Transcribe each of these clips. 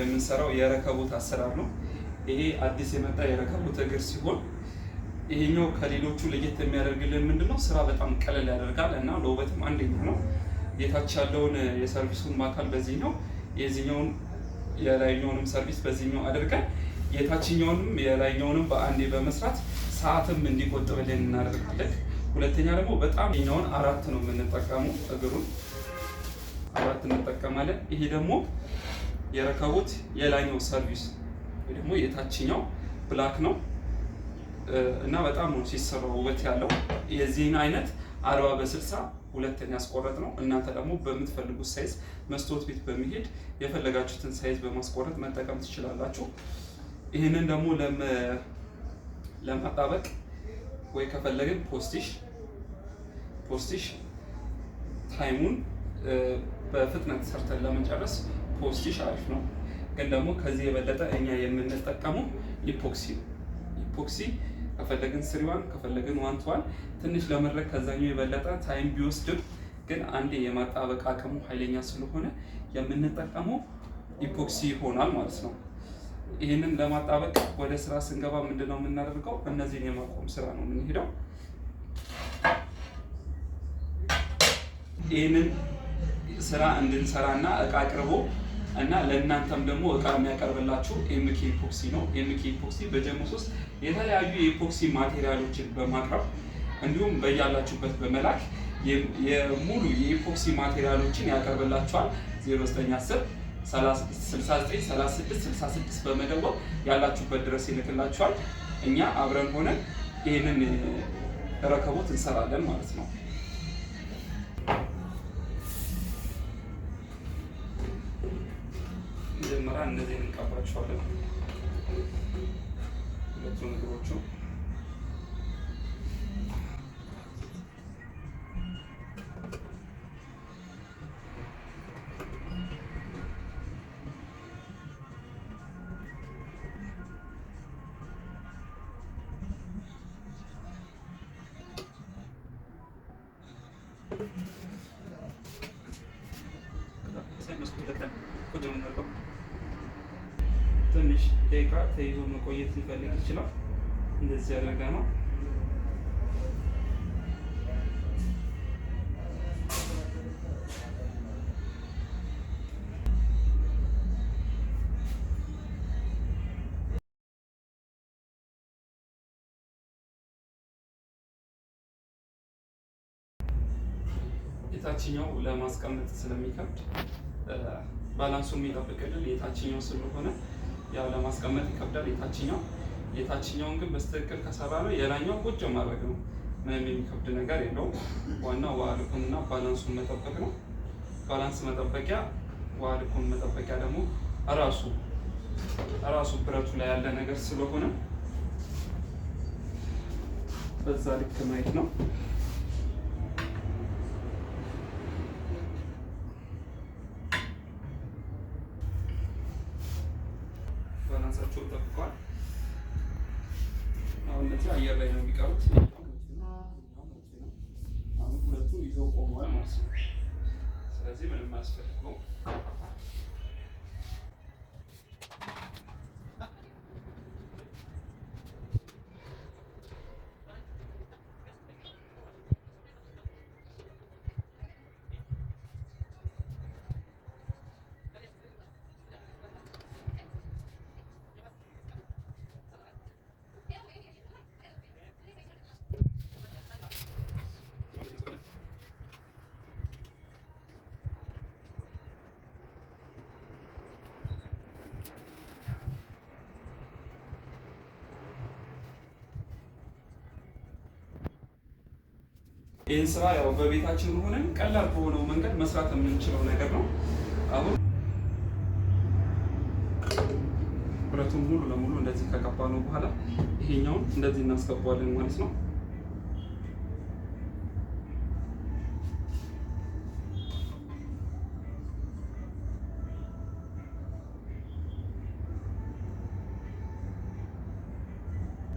የምንሰራው የረከቦት አሰራር ነው። ይሄ አዲስ የመጣ የረከቦት እግር ሲሆን ይሄኛው ከሌሎቹ ለየት የሚያደርግልን ምንድነው? ስራ በጣም ቀለል ያደርጋል እና ለውበትም አንደኛ ነው። የታች ያለውን የሰርቪሱን ማካል በዚህ ነው፣ የዚህኛውን የላይኛውንም ሰርቪስ በዚህኛው አድርገን የታችኛውንም የላይኛውንም በአንዴ በመስራት ሰዓትም እንዲቆጥብልን እናደርጋለን። ሁለተኛ ደግሞ በጣም ይኛውን አራት ነው የምንጠቀሙ እግሩን አራት እንጠቀማለን። ይሄ ደግሞ የረከቡት የላይኛው ሰርቪስ ወይ ደግሞ የታችኛው ብላክ ነው እና በጣም ነው ሲሰራው ውበት ያለው። የዚህን አይነት አርባ በስልሳ ሁለተኛ ያስቆረጥ ነው። እናንተ ደግሞ በምትፈልጉት ሳይዝ መስታወት ቤት በመሄድ የፈለጋችሁትን ሳይዝ በማስቆረጥ መጠቀም ትችላላችሁ። ይህንን ደግሞ ለማጣበቅ ወይ ከፈለግን ፖስቲሽ ፖስቲሽ ታይሙን በፍጥነት ሰርተን ለመጨረስ ፖስቲሽ አሪፍ ነው፣ ግን ደግሞ ከዚህ የበለጠ እኛ የምንጠቀመው ኢፖክሲ ነው። ኢፖክሲ ከፈለግን ስሪዋን ከፈለግን ዋንትዋን ትንሽ ለመድረግ ከዛኛው የበለጠ ታይም ቢወስድም ግን አንዴ የማጣበቅ አቅሙ ኃይለኛ ስለሆነ የምንጠቀመው ኢፖክሲ ይሆናል ማለት ነው። ይህንን ለማጣበቅ ወደ ስራ ስንገባ ምንድነው የምናደርገው? እነዚህን የማቆም ስራ ነው የምንሄደው። ይህንን ስራ እንድንሰራና እቃ አቅርቦ እና ለእናንተም ደግሞ እቃ የሚያቀርብላችሁ ኤምኬ ኢፖክሲ ነው። ኤምኬ ኢፖክሲ በጀሙስ ውስጥ የተለያዩ የኢፖክሲ ማቴሪያሎችን በማቅረብ እንዲሁም በያላችሁበት በመላክ የሙሉ የኢፖክሲ ማቴሪያሎችን ያቀርብላችኋል። 0910 6936 36 በመደወል ያላችሁበት ድረስ ይልክላችኋል። እኛ አብረን ሆነን ይህንን ረከቦት እንሰራለን ማለት ነው። షోల్డర్ ఇలా చూసుకోవచ్చు కొంచెం ముందరకు ትንሽ ደቂቃ ተይዞ መቆየት ሊፈልግ ይችላል። እንደዚህ ያደረገ ነው። የታችኛው ለማስቀመጥ ስለሚከብድ ባላንሱ የሚጠብቅልን የታችኛው ስለሆነ ያው ለማስቀመጥ ይከብዳል። የታችኛው የታችኛውን ግን በስትክክል ከሰራ የላኛው ቁጭ ማድረግ ነው። ምንም የሚከብድ ነገር የለውም። ዋናው ዋልኩንና ባላንሱን መጠበቅ ነው። ባላንስ መጠበቂያ ዋልኩን መጠበቂያ ደግሞ ራሱ ራሱ ብረቱ ላይ ያለ ነገር ስለሆነ በዛ ልክ ማየት ነው። እነዚህ አየር ላይ ነው የሚቀሩት። አሁን ሁለቱ ይዘው ቆመዋል ማለት ነው። ስለዚህ ምንም አያስፈልገውም። ይህን ስራ ያው በቤታችን ሆነን ቀላል በሆነው መንገድ መስራት የምንችለው ነገር ነው። አሁን ብረቱን ሙሉ ለሙሉ እንደዚህ ከቀባ ነው በኋላ ይሄኛውን እንደዚህ እናስገባዋለን ማለት ነው።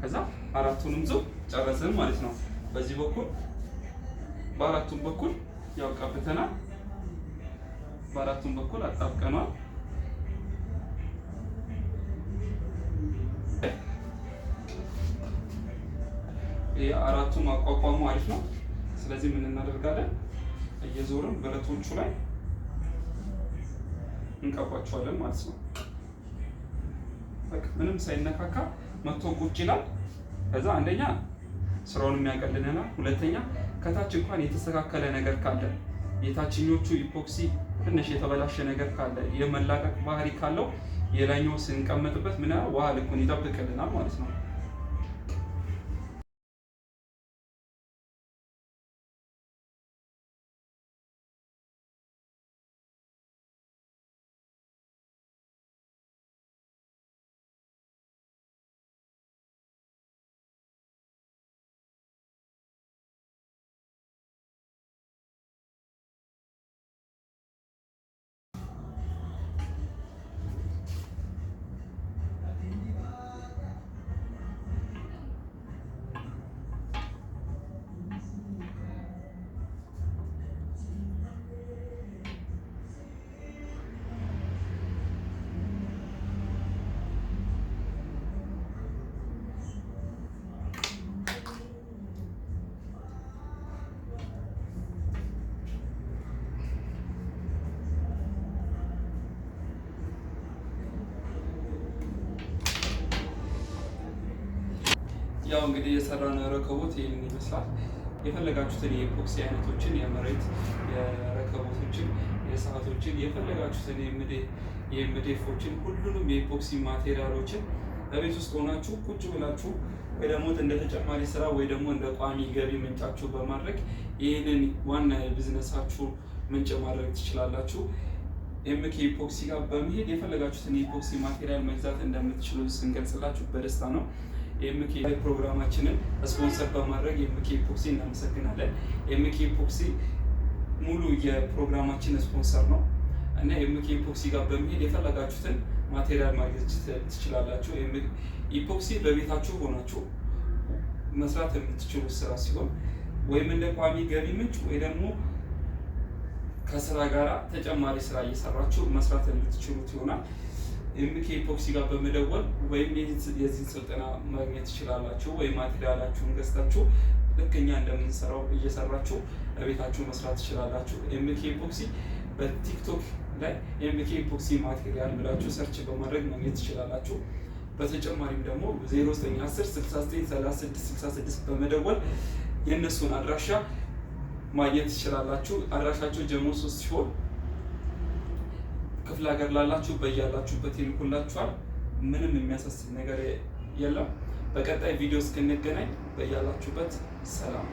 ከዛ አራቱንም ዙር ጨረስን ማለት ነው። በዚህ በኩል በአራቱም በኩል ያው ቀብተናል። በአራቱም በኩል አጣብቀኗል። የአራቱ ማቋቋሙ አሪፍ ነው። ስለዚህ ምን እናደርጋለን? እየዞርን ብረቶቹ ላይ እንቀባቸዋለን ማለት ነው። በቃ ምንም ሳይነካካ መቶ ጉጅ ይላል። ከዛ አንደኛ ስራውን ያቀልልናል። ሁለተኛ ከታች እንኳን የተስተካከለ ነገር ካለ የታችኞቹ ኢፖክሲ ትንሽ የተበላሸ ነገር ካለ የመላቀቅ ባህሪ ካለው የላኛው ስንቀመጥበት ምና ውሃ ልኩን ይጠብቅልናል ማለት ነው። ያው እንግዲህ የሰራነው ረከቦት ይህንን ይመስላል። የፈለጋችሁትን የኢፖክሲ አይነቶችን የመሬት የረከቦቶችን፣ የሰዓቶችን የፈለጋችሁትን የምዴፎችን ሁሉንም የኢፖክሲ ማቴሪያሎችን በቤት ውስጥ ሆናችሁ ቁጭ ብላችሁ ወይ ደግሞ እንደ ተጨማሪ ስራ ወይ ደግሞ እንደ ቋሚ ገቢ ምንጫችሁ በማድረግ ይህንን ዋና የቢዝነሳችሁ ምንጭ ማድረግ ትችላላችሁ። ኤምኬ ኢፖክሲ ጋር በመሄድ የፈለጋችሁትን የኢፖክሲ ማቴሪያል መግዛት እንደምትችሉ ስንገልጽላችሁ በደስታ ነው። ኤምኬ ፕሮግራማችንን ስፖንሰር በማድረግ ኤምኬ ኢፖክሲ እናመሰግናለን። ኤምኬ ኢፖክሲ ሙሉ የፕሮግራማችን ስፖንሰር ነው እና ኤምኬ ኢፖክሲ ጋር በሚሄድ የፈለጋችሁትን ማቴሪያል ማግኘት ትችላላችሁ። ኢፖክሲ በቤታችሁ ሆናችሁ መስራት የምትችሉት ስራ ሲሆን ወይም እንደ ቋሚ ገቢ ምንጭ ወይ ደግሞ ከስራ ጋር ተጨማሪ ስራ እየሰራችሁ መስራት የምትችሉት ይሆናል። ኤምኬ ፖክሲ ጋር በመደወል ወይም የዚህን ስልጠና ማግኘት ትችላላችሁ። ወይም ማቴሪያላችሁን ገዝታችሁ ልክ እኛ እንደምንሰራው እየሰራችሁ ቤታችሁ መስራት ትችላላችሁ። ኤምኬ ፖክሲ በቲክቶክ ላይ ኤምኬ ፖክሲ ማቴሪያል ብላችሁ ሰርች በማድረግ ማግኘት ትችላላችሁ። በተጨማሪም ደግሞ 0910693666 በመደወል የእነሱን አድራሻ ማግኘት ትችላላችሁ። አድራሻቸው ጀሞ ሶስት ሲሆን ክፍለ ሀገር ላላችሁ በያላችሁበት ይልኩላችኋል። ምንም የሚያሳስብ ነገር የለም። በቀጣይ ቪዲዮ እስክንገናኝ በያላችሁበት ሰላም